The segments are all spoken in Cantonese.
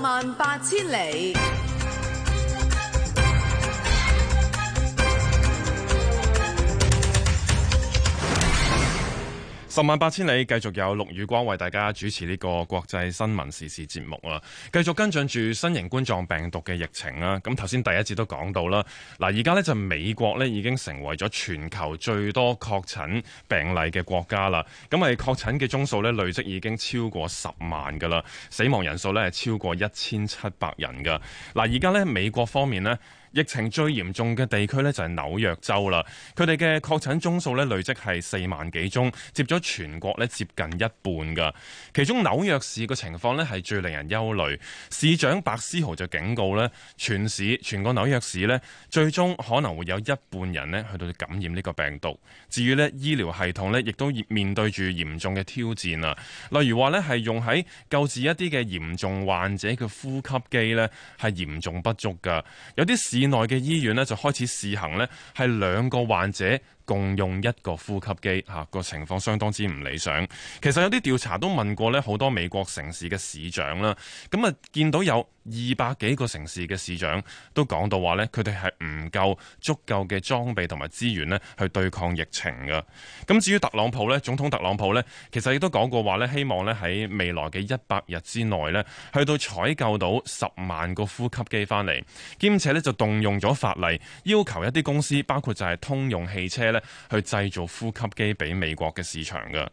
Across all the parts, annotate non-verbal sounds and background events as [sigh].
萬八千里。十萬八千里，繼續有陸宇光為大家主持呢個國際新聞時事節目啊。繼續跟進住新型冠狀病毒嘅疫情啦。咁頭先第一節都講到啦，嗱，而家呢，就美國呢已經成為咗全球最多確診病例嘅國家啦。咁係確診嘅宗數呢，累積已經超過十萬噶啦，死亡人數呢係超過一千七百人噶。嗱，而家呢，美國方面呢。疫情最嚴重嘅地區呢，就係紐約州啦，佢哋嘅確診宗數呢，累積係四萬幾宗，佔咗全國呢接近一半噶。其中紐約市嘅情況呢，係最令人憂慮，市長白思豪就警告呢，全市全個紐約市呢，最終可能會有一半人呢去到感染呢個病毒。至於呢醫療系統呢，亦都面對住嚴重嘅挑戰啊，例如話呢，係用喺救治一啲嘅嚴重患者嘅呼吸機呢，係嚴重不足噶，有啲市以內嘅醫院咧，就開始試行咧，係兩個患者。共用一個呼吸機，吓個情況相當之唔理想。其實有啲調查都問過咧，好多美國城市嘅市長啦，咁啊見到有二百幾個城市嘅市長都講到話咧，佢哋係唔夠足夠嘅裝備同埋資源咧，去對抗疫情嘅。咁至於特朗普咧，總統特朗普咧，其實亦都講過話咧，希望咧喺未來嘅一百日之內咧，去到採購到十萬個呼吸機翻嚟，兼且咧就動用咗法例，要求一啲公司，包括就係通用汽車。去製造呼吸機俾美國嘅市場嘅。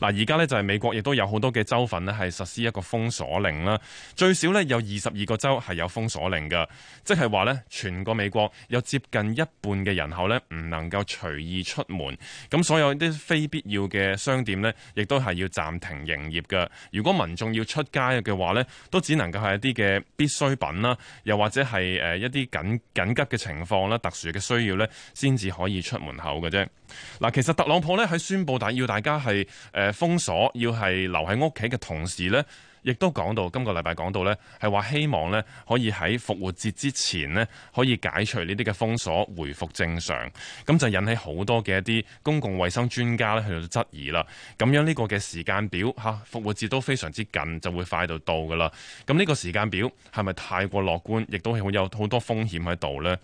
嗱，而家呢就係美國亦都有好多嘅州份呢係實施一個封鎖令啦。最少呢有二十二個州係有封鎖令嘅，即係話呢，全個美國有接近一半嘅人口呢唔能夠隨意出門。咁所有啲非必要嘅商店呢，亦都係要暫停營業嘅。如果民眾要出街嘅話呢，都只能夠係一啲嘅必需品啦，又或者係誒一啲緊緊急嘅情況啦，特殊嘅需要呢，先至可以出門口嘅啫。嗱，其實特朗普呢喺宣布大要大家係。誒封鎖要係留喺屋企嘅同時呢，亦都講到今個禮拜講到呢，係話希望呢可以喺復活節之前呢可以解除呢啲嘅封鎖，回復正常。咁就引起好多嘅一啲公共衛生專家咧去到質疑啦。咁樣呢個嘅時間表嚇、啊、復活節都非常之近，就會快到到㗎喇。咁呢個時間表係咪太過樂觀？亦都係好有好多風險喺度呢。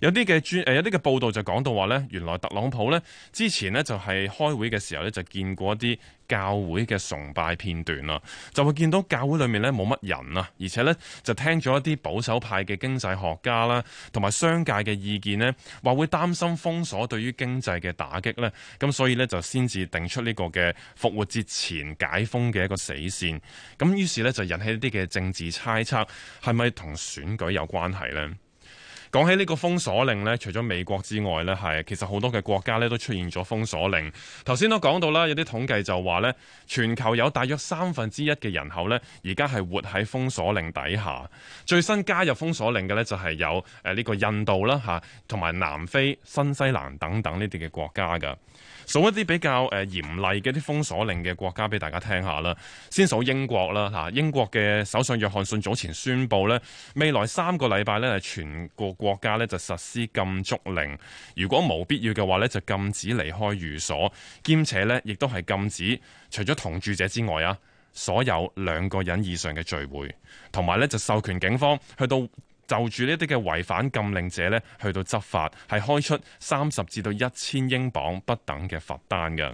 有啲嘅專，誒、呃、有啲嘅報道就講到話呢原來特朗普呢之前呢就係、是、開會嘅時候呢，就見過一啲教會嘅崇拜片段啦，就會見到教會裏面呢冇乜人啊，而且呢就聽咗一啲保守派嘅經濟學家啦，同埋商界嘅意見呢話會擔心封鎖對於經濟嘅打擊呢。咁所以呢，就先至定出呢個嘅復活節前解封嘅一個死線，咁於是呢，就引起一啲嘅政治猜測，係咪同選舉有關係呢？講起呢個封鎖令呢，除咗美國之外呢，係其實好多嘅國家呢都出現咗封鎖令。頭先都講到啦，有啲統計就話呢，全球有大約三分之一嘅人口呢，而家係活喺封鎖令底下。最新加入封鎖令嘅呢，就係有誒呢個印度啦嚇，同埋南非、新西蘭等等呢啲嘅國家㗎。數一啲比較誒嚴厲嘅啲封鎖令嘅國家俾大家聽下啦，先數英國啦嚇，英國嘅首相約翰遜早前宣布咧，未來三個禮拜咧係全個國家咧就實施禁足令，如果冇必要嘅話咧就禁止離開寓所，兼且咧亦都係禁止除咗同住者之外啊，所有兩個人以上嘅聚會，同埋咧就授權警方去到。就住呢啲嘅違反禁令者呢，去到執法係開出三十至到一千英鎊不等嘅罰單嘅。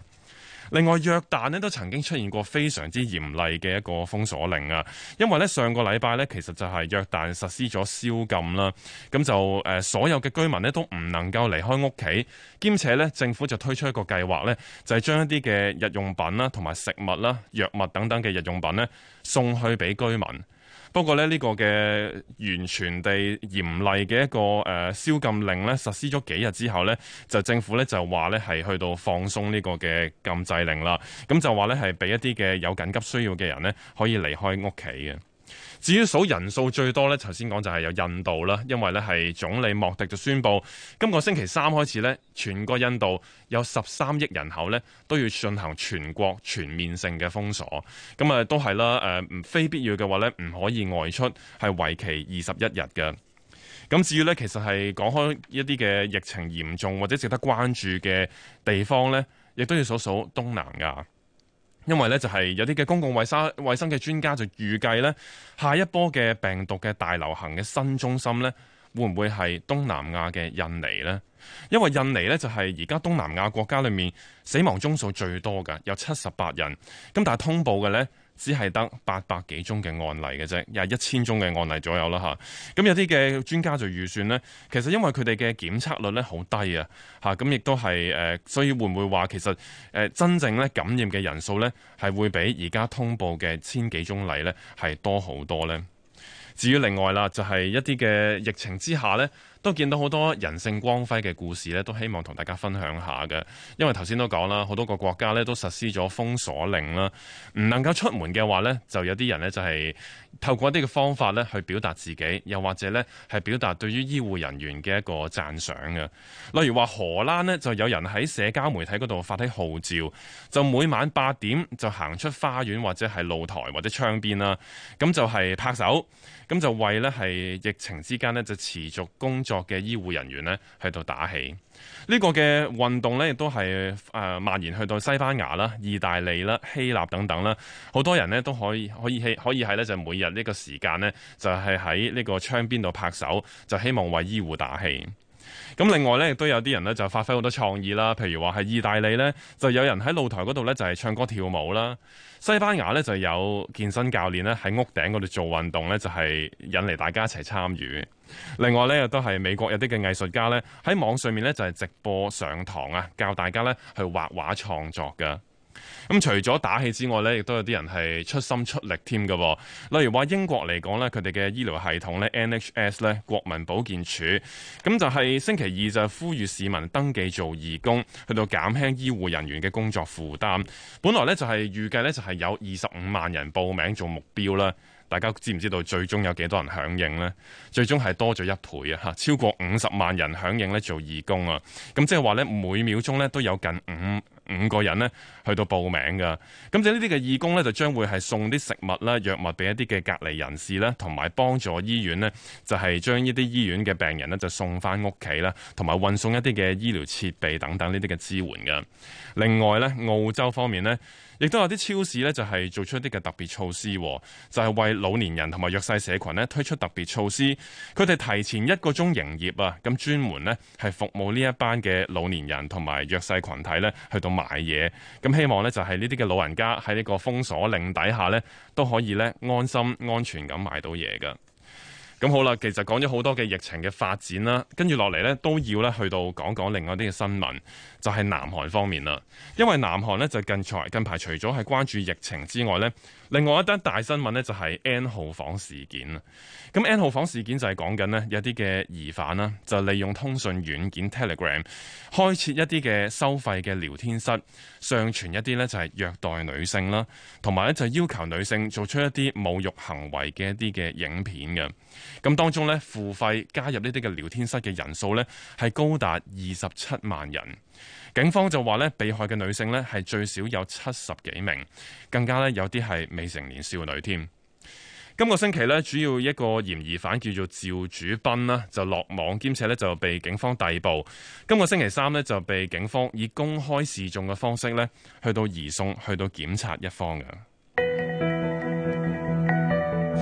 另外，約旦呢都曾經出現過非常之嚴厲嘅一個封鎖令啊，因為呢，上個禮拜呢，其實就係約旦實施咗宵禁啦，咁就誒、呃、所有嘅居民呢，都唔能夠離開屋企，兼且呢，政府就推出一個計劃呢，就係將一啲嘅日用品啦、同埋食物啦、藥物等等嘅日用品呢，送去俾居民。不過咧，呢個嘅完全地嚴厲嘅一個誒宵禁令咧，實施咗幾日之後咧，就政府咧就話咧係去到放鬆呢個嘅禁制令啦，咁就話咧係俾一啲嘅有緊急需要嘅人咧，可以離開屋企嘅。至於數人數最多呢，頭先講就係有印度啦，因為呢係總理莫迪就宣布，今個星期三開始呢，全國印度有十三億人口呢都要進行全國全面性嘅封鎖，咁啊都係啦，誒、呃、唔非必要嘅話呢，唔可以外出，係為期二十一日嘅。咁至於呢，其實係講開一啲嘅疫情嚴重或者值得關注嘅地方呢，亦都要數數東南亞。因為咧就係有啲嘅公共衛生衛生嘅專家就預計呢下一波嘅病毒嘅大流行嘅新中心呢，會唔會係東南亞嘅印尼呢？因為印尼呢，就係而家東南亞國家裏面死亡宗數最多噶，有七十八人。咁但係通報嘅呢。只係得八百幾宗嘅案例嘅啫，又係一千宗嘅案例左右啦吓。咁有啲嘅專家就預算呢，其實因為佢哋嘅檢測率呢好低啊吓，咁亦都係誒、呃，所以會唔會話其實誒、呃、真正咧感染嘅人數呢係會比而家通報嘅千幾宗例呢係多好多呢？至於另外啦，就係、是、一啲嘅疫情之下呢。都見到好多人性光輝嘅故事咧，都希望同大家分享下嘅。因為頭先都講啦，好多個國家咧都實施咗封鎖令啦，唔能夠出門嘅話咧，就有啲人咧就係透過一啲嘅方法咧去表達自己，又或者咧係表達對於醫護人員嘅一個讚賞嘅。例如話荷蘭咧，就有人喺社交媒體度發起號召，就每晚八點就行出花園或者係露台或者窗邊啦，咁就係拍手，咁就為咧係疫情之間咧就持續工作嘅醫護人員呢，喺度打氣。呢個嘅運動呢，亦都係誒、呃、蔓延去到西班牙啦、意大利啦、希臘等等啦。好多人呢，都可以可以喺可以喺呢就每日呢個時間呢，就係喺呢個窗邊度拍手，就希望為醫護打氣。咁另外咧，亦都有啲人咧就發揮好多創意啦。譬如話係意大利咧，就有人喺露台嗰度咧就係唱歌跳舞啦。西班牙咧就有健身教練咧喺屋頂嗰度做運動咧，就係引嚟大家一齊參與。另外咧，亦都係美國有啲嘅藝術家咧喺網上面咧就係直播上堂啊，教大家咧去畫畫創作嘅。咁除咗打氣之外呢，亦都有啲人係出心出力添嘅。例如話英國嚟講呢，佢哋嘅醫療系統呢 NHS 呢，國民保健署，咁就係星期二就呼籲市民登記做義工，去到減輕醫護人員嘅工作負擔。本來呢就係預計呢，就係有二十五萬人報名做目標啦。大家知唔知道最終有幾多人響應呢？最終係多咗一倍啊！吓，超過五十萬人響應呢做義工啊！咁即係話呢，每秒鐘呢都有近五。五個人呢去到報名㗎，咁就呢啲嘅義工呢，就將會係送啲食物啦、藥物俾一啲嘅隔離人士啦，同埋幫助醫院呢，就係、是、將呢啲醫院嘅病人呢，就送翻屋企啦，同埋運送一啲嘅醫療設備等等呢啲嘅支援㗎。另外呢，澳洲方面呢。亦都有啲超市呢，就係做出一啲嘅特別措施，就係為老年人同埋弱勢社群呢推出特別措施。佢哋提前一個鐘營業啊，咁專門呢係服務呢一班嘅老年人同埋弱勢群體呢去到買嘢。咁希望呢，就係呢啲嘅老人家喺呢個封鎖令底下呢，都可以呢安心安全咁買到嘢㗎。咁好啦，其實講咗好多嘅疫情嘅發展啦，跟住落嚟呢，都要咧去到講講另外啲嘅新聞，就係南韓方面啦。因為南韓呢，就近才近排除咗係關注疫情之外呢，另外一單大新聞呢，就係 N 號房事件啦。咁 N 號房事件就係講緊呢有啲嘅疑犯啦，就利用通訊軟件 Telegram 開設一啲嘅收費嘅聊天室，上傳一啲呢就係虐待女性啦，同埋呢就要求女性做出一啲侮辱行為嘅一啲嘅影片嘅。咁當中呢，付費加入呢啲嘅聊天室嘅人數呢，係高達二十七萬人。警方就話呢，被害嘅女性呢，係最少有七十幾名，更加呢，有啲係未成年少女添。今個星期呢，主要一個嫌疑犯叫做趙主斌啦，就落網，兼且呢，就被警方逮捕。今個星期三呢，就被警方以公開示眾嘅方式呢，去到移送去到檢察一方嘅。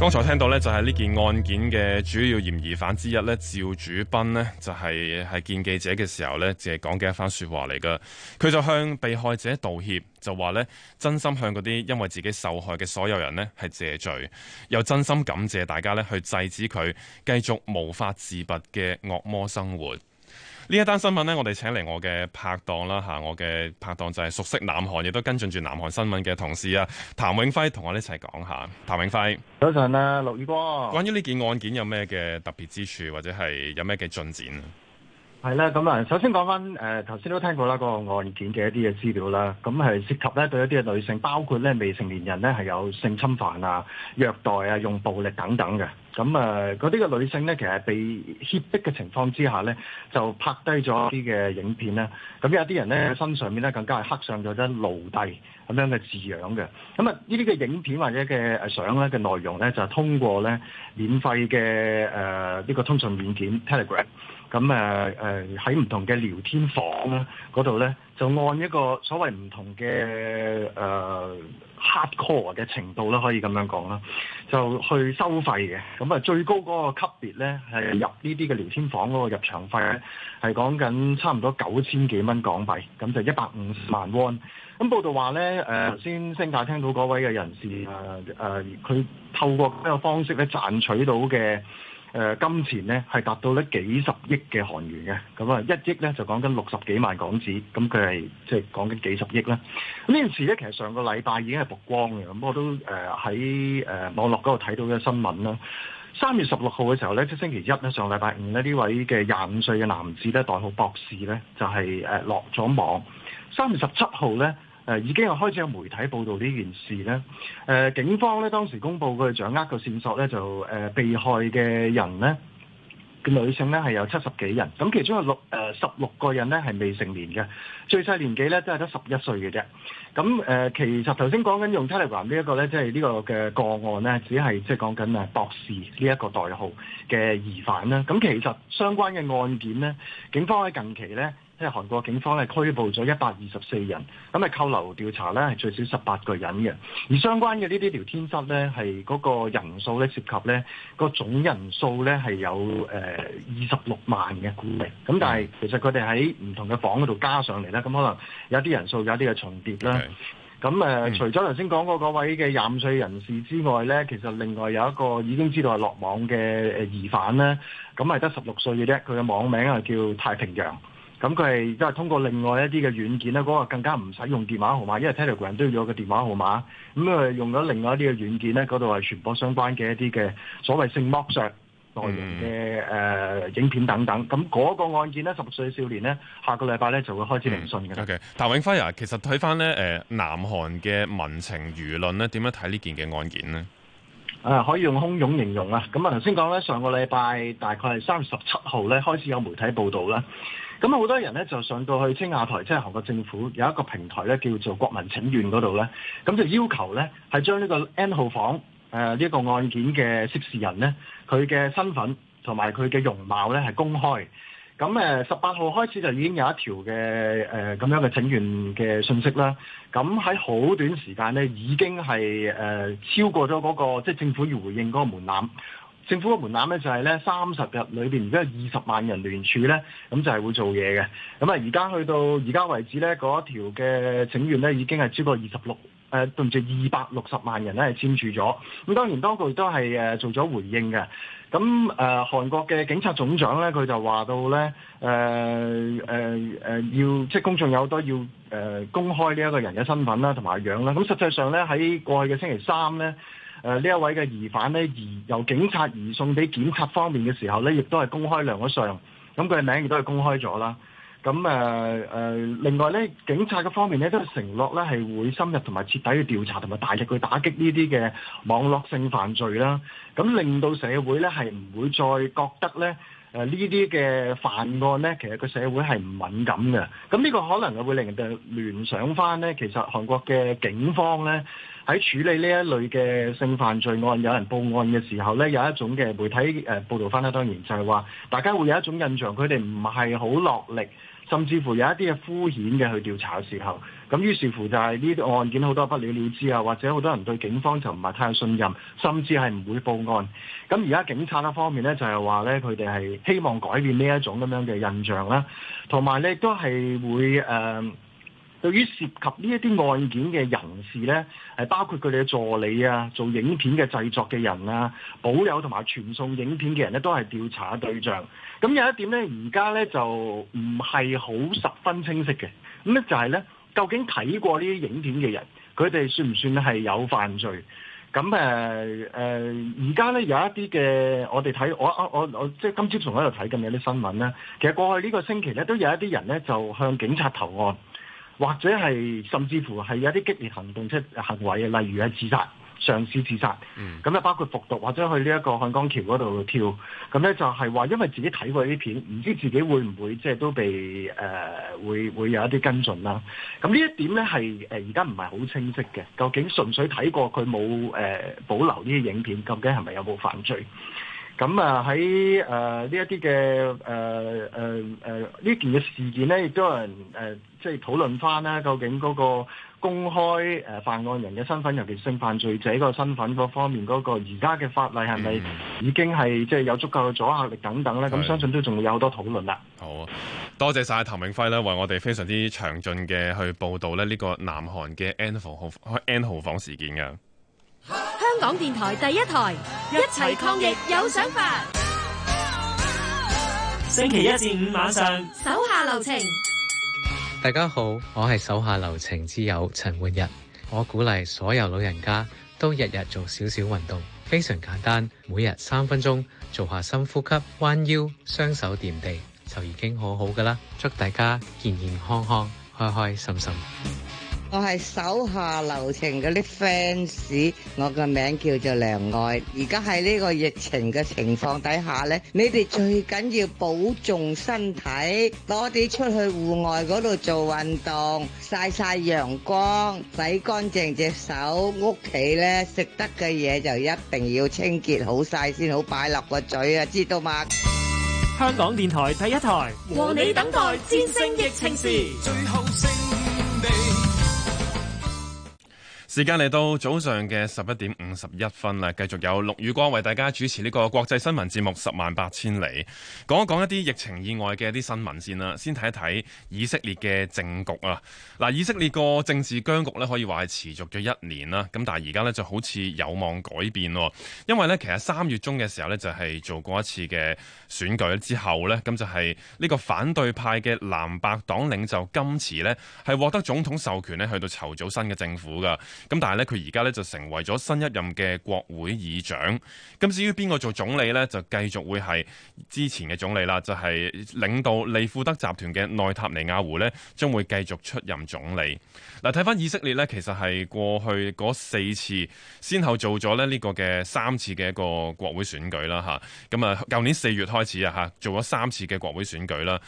剛才聽到咧，就係呢件案件嘅主要嫌疑犯之一咧，趙主彬呢，就係係見記者嘅時候呢，淨係講嘅一番說話嚟噶。佢就向被害者道歉，就話呢，真心向嗰啲因為自己受害嘅所有人呢係謝罪，又真心感謝大家呢去制止佢繼續無法自拔嘅惡魔生活。呢一單新聞呢，我哋請嚟我嘅拍檔啦嚇，我嘅拍檔就係熟悉南韓，亦都跟進住南韓新聞嘅同事啊，譚永輝同我哋一齊講下。譚永輝，說說永輝早晨啊，陸宇光。關於呢件案件有咩嘅特別之處，或者係有咩嘅進展？係啦，咁啊、嗯，首先講翻誒，頭先都聽過啦，嗰個案件嘅一啲嘅資料啦，咁、嗯、係涉及咧對一啲嘅女性，包括咧未成年人咧，係有性侵犯啊、虐待啊、用暴力等等嘅。咁、嗯、啊，嗰啲嘅女性咧，其實被脅迫嘅情況之下咧，就拍低咗一啲嘅影片咧。咁、嗯、有啲人咧，嗯、身上面咧更加係刻上咗啲奴隸咁樣嘅字樣嘅。咁、嗯、啊，呢啲嘅影片或者嘅誒相咧嘅內容咧，就係、是、通過咧免費嘅誒呢個通訊軟件 Telegram。Te 咁誒誒喺唔同嘅聊天房咧嗰度咧，就按一個所謂唔同嘅誒、呃、hardcore 嘅程度咧，可以咁樣講啦，就去收費嘅。咁、嗯、啊最高嗰個級別咧，係入呢啲嘅聊天房嗰個入場費咧，係講緊差唔多九千幾蚊港幣，咁就一百五十萬咁、嗯、報道話咧，誒頭先星大聽到嗰位嘅人士誒誒，佢、呃呃、透過呢個方式咧賺取到嘅。誒、呃、金錢咧係達到咧幾十億嘅韓元嘅，咁啊一億咧就講緊六十幾萬港紙，咁佢係即係講緊幾十億啦。咁呢件事咧其實上個禮拜已經係曝光嘅，咁我都誒喺誒網絡嗰度睇到嘅新聞啦。三月十六號嘅時候咧，即星期一咧，上禮拜五咧，呢位嘅廿五歲嘅男子咧，代號博士咧，就係誒落咗網。三月十七號咧。誒已經有開始有媒體報道呢件事咧。誒、呃、警方咧當時公布佢掌握嘅線索咧，就誒、呃、被害嘅人咧嘅女性咧係有七十幾人，咁其中有六誒、呃、十六個人咧係未成年嘅，最細年紀咧都係得十一歲嘅啫。咁誒、嗯呃、其實頭先講緊用 Telegram 呢一個咧，即係呢個嘅個案咧，只係即係講緊啊博士呢一個代號嘅疑犯啦。咁、嗯、其實相關嘅案件咧，警方喺近期咧。即係韓國警方咧拘捕咗一百二十四人，咁啊扣留調查咧係最少十八個人嘅，而相關嘅呢啲聊天室咧係嗰個人數咧涉及咧個總人數咧係有誒二十六萬嘅，咁但係其實佢哋喺唔同嘅房嗰度加上嚟啦，咁可能有一啲人數有一啲嘅重疊啦。咁誒的、呃，除咗頭先講過嗰位嘅廿五歲人士之外咧，其實另外有一個已經知道係落網嘅誒疑犯咧，咁係得十六歲嘅啫，佢嘅網名係叫太平洋。咁佢係即係通過另外一啲嘅軟件咧，嗰、那個更加唔使用，用電話號碼，因為 Telegram 都要有個電話號碼。咁佢用咗另外一啲嘅軟件咧，嗰度係傳播相關嘅一啲嘅所謂性剝削內容嘅誒、嗯呃、影片等等。咁、那、嗰個案件咧，十歲少年咧，下個禮拜咧就會開始聆訊嘅、嗯。OK，譚永暉啊，其實睇翻咧誒，南韓嘅民情輿論咧，點樣睇呢件嘅案件咧？啊、呃，可以用洶湧形容啊！咁啊，頭先講咧，上個禮拜大概係三十七號咧，開始有媒體報導啦。咁啊，好多人咧就上到去青瓦台，即係韓國政府有一個平台咧，叫做國民請願嗰度咧，咁就、啊、要求咧係將呢個 N 號房誒呢、呃呢個案件嘅涉事人咧，佢嘅身份同埋佢嘅容貌咧係公開。咁誒，十八號開始就已經有一條嘅誒咁樣嘅請願嘅訊息啦。咁喺好短時間咧，已經係誒、呃、超過咗嗰、那個即係、就是、政府要回應嗰個門檻。政府嘅門檻咧就係咧三十日裏邊，如果二十萬人聯署咧，咁就係會做嘢嘅。咁啊，而家去到而家為止咧，嗰一條嘅請願咧已經係超過二十六。誒、呃、對唔住，二百六十萬人咧係簽署咗。咁當然當局亦都係誒、呃、做咗回應嘅。咁誒韓國嘅警察總長咧，佢就話到咧，誒誒誒要即係公眾有好多要誒、呃、公開呢一個人嘅身份啦，同埋樣啦。咁實際上咧喺過去嘅星期三咧，誒、呃、呢一位嘅疑犯咧移由警察移送俾檢察方面嘅時候咧，亦都係公開亮咗相。咁佢嘅名亦都係公開咗啦。咁誒誒，另外咧，警察嘅方面咧都承諾咧係會深入同埋徹底去調查，同埋大力去打擊呢啲嘅網絡性犯罪啦。咁令到社會咧係唔會再覺得咧誒呢啲嘅、呃、犯案咧，其實個社會係唔敏感嘅。咁呢個可能會令人哋聯想翻咧，其實韓國嘅警方咧喺處理呢一類嘅性犯罪案，有人報案嘅時候咧，有一種嘅媒體誒、呃、報導翻啦。當然就係話大家會有一種印象，佢哋唔係好落力。甚至乎有一啲嘅敷衍嘅去調查嘅時候，咁於是乎就係呢啲案件好多不了了之啊，或者好多人對警方就唔係太有信任，甚至係唔會報案。咁而家警察一方面咧就係話咧，佢哋係希望改變呢一種咁樣嘅印象啦，同埋咧亦都係會誒。呃對於涉及呢一啲案件嘅人士咧，係包括佢哋嘅助理啊、做影片嘅製作嘅人啊、保有同埋傳送影片嘅人咧，都係調查對象。咁有一點呢，而家呢就唔係好十分清晰嘅。咁咧就係呢，究竟睇過呢啲影片嘅人，佢哋算唔算係有犯罪？咁誒誒，而家呢，呃、有一啲嘅我哋睇我我我即係今朝仲喺度睇緊有啲新聞咧，其實過去呢個星期呢，都有一啲人呢就向警察投案。或者係甚至乎係有啲激烈行動出行為啊，例如係自殺、嘗試自殺，咁啊、嗯、包括服毒或者去呢一個漢江橋嗰度跳，咁咧就係話因為自己睇過呢啲片，唔知自己會唔會即係都被誒會會有一啲跟進啦。咁呢一點咧係誒而家唔係好清晰嘅，究竟純粹睇過佢冇誒保留呢啲影片，究竟係咪有冇犯罪？咁啊喺誒呢一啲嘅誒誒誒呢件嘅事件咧，亦都有人誒、呃、即係討論翻啦。究竟嗰個公開誒犯案人嘅身份，尤其性犯罪者個身份嗰方面嗰、嗰個而家嘅法例係咪已經係即係有足夠嘅阻嚇力等等咧？咁的、嗯、相信都仲會有好多討論啦。好啊，多謝晒譚永暉咧，為我哋非常之詳盡嘅去報道咧呢個南韓嘅 N 房號 N 號房事件嘅。香港電台第一台，一齊抗疫有想法。星期一至五晚上，手下留情。大家好，我係手下留情之友陳煥日。我鼓勵所有老人家都日日做少少運動，非常簡單，每日三分鐘做下深呼吸、彎腰、雙手掂地就已經好好噶啦。祝大家健健康康、開開心心。我係手下留情嗰啲 fans，我個名叫做梁愛。而家喺呢個疫情嘅情況底下呢，你哋最緊要保重身體，多啲出去戶外嗰度做運動，曬曬陽光，洗乾淨隻手。屋企呢，食得嘅嘢，就一定要清潔好晒先好擺落個嘴啊，知道嘛？香港電台第一台，和你等待戰勝疫情時。最時間嚟到早上嘅十一點五十一分啦，繼續有陸雨光為大家主持呢個國際新聞節目《十萬八千里》，講一講一啲疫情以外嘅一啲新聞先啦。先睇一睇以色列嘅政局啊！嗱，以色列個政治僵局呢，可以話係持續咗一年啦。咁但係而家呢，就好似有望改變喎，因為呢，其實三月中嘅時候呢，就係做過一次嘅選舉之後呢，咁就係、是、呢個反對派嘅藍白黨領袖甘茨呢，係獲得總統授權呢去到籌組新嘅政府噶。咁但係咧，佢而家咧就成為咗新一任嘅國會議長。咁至於邊個做總理呢？就繼續會係之前嘅總理啦，就係領導利富德集團嘅內塔尼亞胡呢，將會繼續出任總理。嗱，睇翻以色列呢，其實係過去嗰四次，先後做咗咧呢個嘅三次嘅一個國會選舉啦嚇。咁啊，舊年四月開始啊嚇，做咗三次嘅國會選舉啦。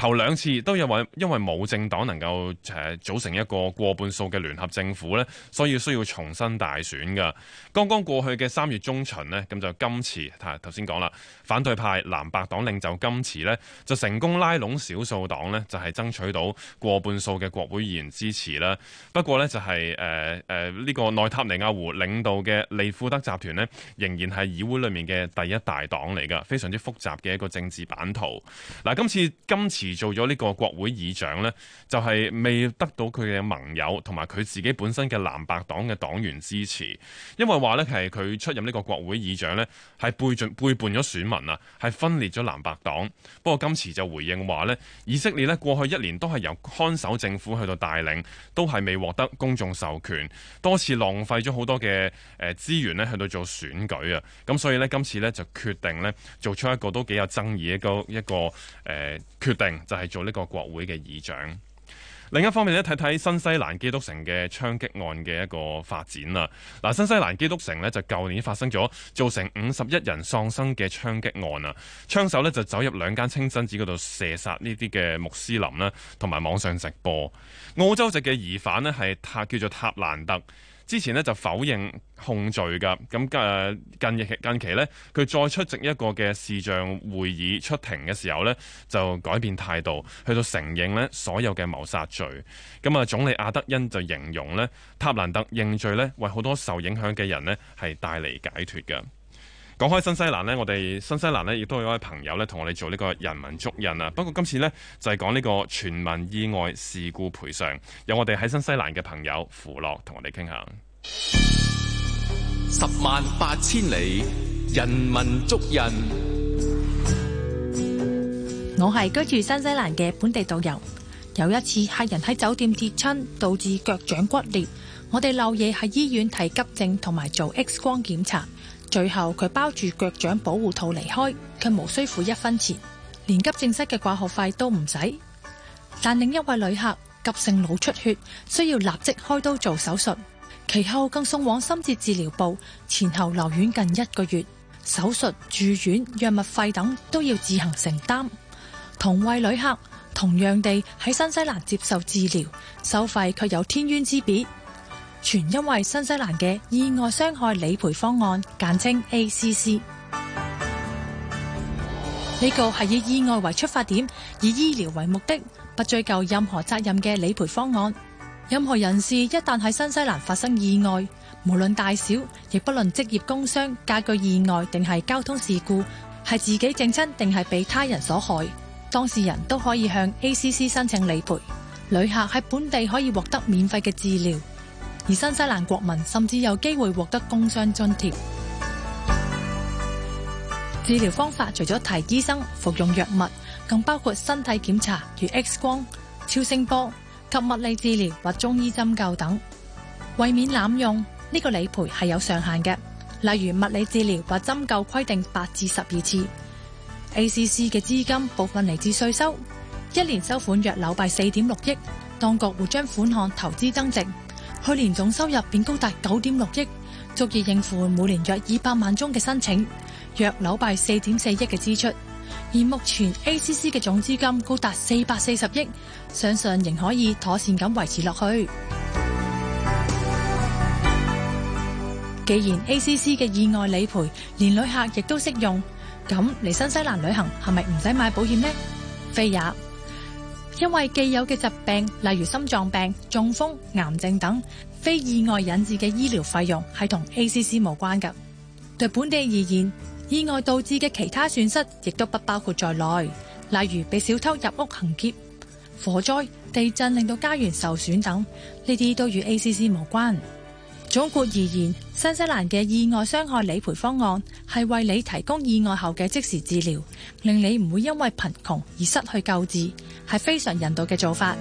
頭兩次都有因為冇政黨能夠誒組成一個過半數嘅聯合政府咧，所以需要重新大選嘅。剛剛過去嘅三月中旬呢，咁就今次，啊頭先講啦，反對派藍白黨領袖今次呢就成功拉攏少數黨呢就係、是、爭取到過半數嘅國會議員支持啦。不過呢，就係誒誒呢個內塔尼亞胡領導嘅利庫德集團呢仍然係議會裡面嘅第一大黨嚟㗎，非常之複雜嘅一個政治版圖。嗱、啊，今次金池。今次而做咗呢個國會議長咧，就係、是、未得到佢嘅盟友同埋佢自己本身嘅藍白黨嘅黨員支持，因為話咧係佢出任呢個國會議長咧，係背盡背叛咗選民啊，係分裂咗藍白黨。不過今次就回應話咧，以色列咧過去一年都係由看守政府去到帶領，都係未獲得公眾授權，多次浪費咗好多嘅誒資源咧去到做選舉啊。咁所以咧今次咧就決定咧做出一個都幾有爭議一個一個誒、呃、決定。就係做呢個國會嘅議長。另一方面咧，睇睇新西蘭基督城嘅槍擊案嘅一個發展啦。嗱、啊，新西蘭基督城呢，就舊年發生咗造成五十一人喪生嘅槍擊案啊，槍手呢，就走入兩間清真寺嗰度射殺呢啲嘅穆斯林啦，同埋網上直播。澳洲籍嘅疑犯呢，係塔叫做塔蘭特。之前呢，就否認控罪噶，咁誒近期呢，佢再出席一個嘅視像會議出庭嘅時候呢，就改變態度，去到承認呢所有嘅謀殺罪。咁啊，總理阿德恩就形容呢塔蘭特認罪呢，為好多受影響嘅人呢係帶嚟解脫㗎。講開新西蘭呢，我哋新西蘭呢亦都有位朋友呢同我哋做呢個人文足印啊。不過今次呢，就係講呢個全民意外事故賠償，有我哋喺新西蘭嘅朋友符樂同我哋傾下。十萬八千里人文足印，我係居住新西蘭嘅本地導遊。有一次客人喺酒店跌親，導致腳掌骨裂。我哋漏夜喺醫院睇急症同埋做 X 光檢查。最後佢包住腳掌保護套離開，卻無需付一分錢，連急症室嘅掛號費都唔使。但另一位旅客急性腦出血，需要立即開刀做手術，其後更送往深切治療部，前後留院近一個月，手術、住院、藥物費等都要自行承擔。同位旅客同樣地喺新西蘭接受治療，收費卻有天淵之別。全因為新西蘭嘅意外傷害理賠方案，簡稱 ACC。呢個係以意外為出發點，以醫療為目的，不追究任何責任嘅理賠方案。任何人士一旦喺新西蘭發生意外，無論大小，亦不論職業工傷、家居意外定係交通事故，係自己整親定係被他人所害，當事人都可以向 ACC 申請理賠。旅客喺本地可以獲得免費嘅治療。而新西蘭國民甚至有機會獲得工傷津貼。治療方法除咗睇醫生服用藥物，更包括身體檢查如 X 光、超聲波及物理治療或中醫針灸等。為免濫用，呢個理賠係有上限嘅，例如物理治療或針灸規定八至十二次。ACC 嘅資金部分嚟自稅收，一年收款約紐幣四點六億，當局會將款項投資增值。去年總收入便高達九點六億，足以應付每年約二百萬宗嘅申請，約紐幣四點四億嘅支出。而目前 ACC 嘅總資金高達440億，相信仍可以妥善噉維持落去。既然 ACC 嘅意外理賠，連旅客亦都適用，噉嚟新西蘭旅行係咪唔使買保險呢？非也。 [music] 因為既有嘅疾病，例如心臟病、中風、癌症等，非意外引致嘅醫療費用係同 ACC 無關嘅。對本地而言，意外導致嘅其他損失亦都不包括在內，例如被小偷入屋行劫、火災、地震令到家園受損等，呢啲都與 ACC 無關。總括而言，新西蘭嘅意外傷害理賠方案係為你提供意外後嘅即時治療，令你唔會因為貧窮而失去救治。係非常人道嘅做法。